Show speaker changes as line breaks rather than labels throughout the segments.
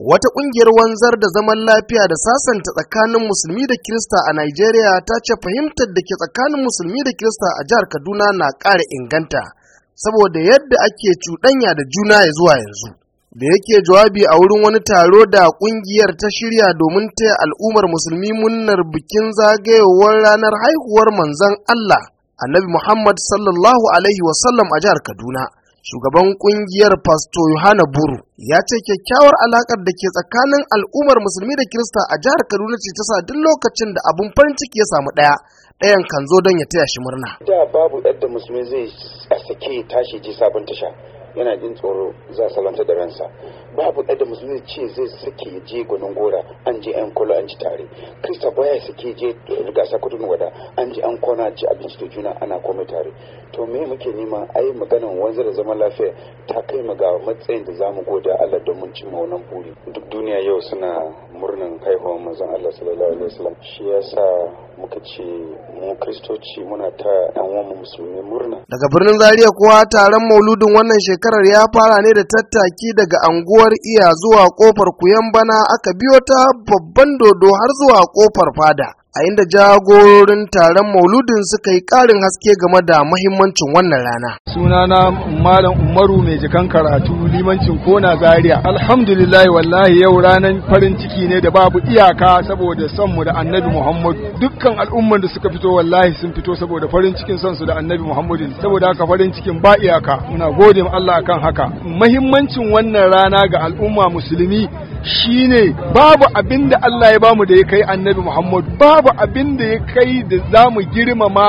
wata ƙungiyar wanzar da zaman lafiya da sasanta tsakanin musulmi da kirista a Najeriya ta ce fahimtar da ke tsakanin musulmi da kirista a jihar Kaduna na ƙara inganta saboda yadda ake cuɗanya da juna ya zuwa yanzu. Da yake jawabi a wurin wani taro da ƙungiyar ta shirya domin taya al'ummar musulmi munnar bikin zagayowar ranar haihuwar manzon Allah, Annabi Muhammad sallallahu alaihi wasallam a jihar Kaduna. shugaban kungiyar Pasto Yohana Buru ya ce kyakkyawar alakar da ke tsakanin al'ummar musulmi da Kirista a jihar Kaduna ce ta sa duk lokacin da abun farin ciki ya samu ɗaya ɗayan kan zo don ya taya shi murna.
Da babu yadda musulmi zai a sake tashi ji sabon tasha. yana jin tsoro za su salanta da ransa babu ɗan da musulmi ce zai sake je gwanin gora an je an kula an ci tare krista baya sake je gasa kudin wada an je an kwana ci abinci da juna ana komai tare to me muke nema ai maganan wanzu da zaman lafiya ta kai mu ga matsayin da za mu goda Allah don mun cimma wannan buri duk duniya yau suna murnan haihuwar mazan Allah sallallahu alaihi wasallam shi yasa muka ce mu kristoci muna ta yan wani musulmi murna
daga birnin Zaria kuwa taron mauludin wannan shekara shekarar ya fara ne da tattaki daga anguwar iya zuwa kofar kuyan bana aka biyo ta babban dodo har zuwa kofar fada a inda jagororin taron mauludin suka yi ƙarin haske game da mahimmancin wannan rana.
Sunana Malam Umaru mai jikan karatu limancin Kona Zaria. Alhamdulillah wallahi yau ranar farin ciki ne da babu iyaka saboda son mu da Annabi Muhammadu. Dukkan al'umman da suka fito wallahi sun fito saboda farin cikin son su da Annabi Muhammadu. Saboda haka farin cikin ba iyaka. Muna gode Allah kan haka. Mahimmancin wannan rana ga al'umma musulmi shine babu abin da Allah ya bamu da ya kai annabi Muhammad babu abin da ya kai da za mu girmama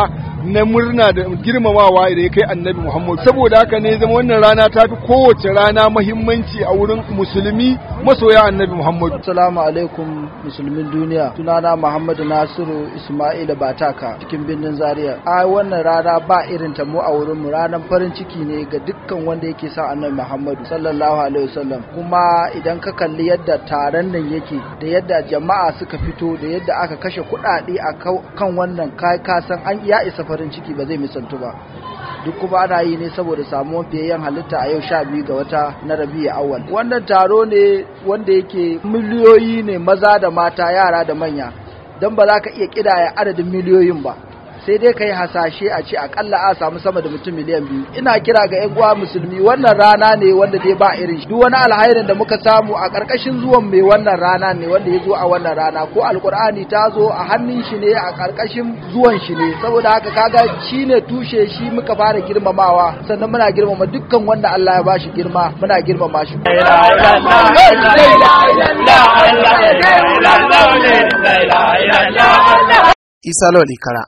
na murna da girmamawa da ya kai annabi Muhammadu, saboda haka ne zama wannan rana ta fi kowace rana mahimmanci a wurin musulmi masoya annabi Muhammadu. assalamu alaikum musulmin duniya sunana Muhammadu Nasiru
Ismail Bataka cikin birnin Zaria a wannan rana ba irin ta mu a wurin mu ranar farin ciki ne ga dukkan wanda yake sa annabi Muhammadu sallallahu alaihi wasallam kuma idan ka kalli yadda taron nan yake da yadda jama'a suka fito da yadda aka kashe kuɗaɗe a kan wannan kai ka san an ya isa farin ciki ba zai misantu ba duk kuma ana yi ne saboda samuwan fiyayyen halitta a yau sha biyu ga wata na rabia awal wannan taro ne wanda yake miliyoyi ne maza da mata yara da manya don ba za ka iya kidaya adadin miliyoyin ba sai dai ka yi hasashe a ce akalla a samu sama da mutum miliyan biyu ina kira ga yan uwa musulmi wannan rana ne wanda dai ba irin duk wani alhairin da muka samu a karkashin zuwan mai wannan rana ne wanda ya zo a wannan rana ko alkur'ani ta zo a hannun shi ne a karkashin zuwan shi ne saboda haka kaga shi ne tushe shi muka fara girmamawa sannan muna girmama dukkan wanda Allah ya bashi girma muna girmama shi
Isa Lawal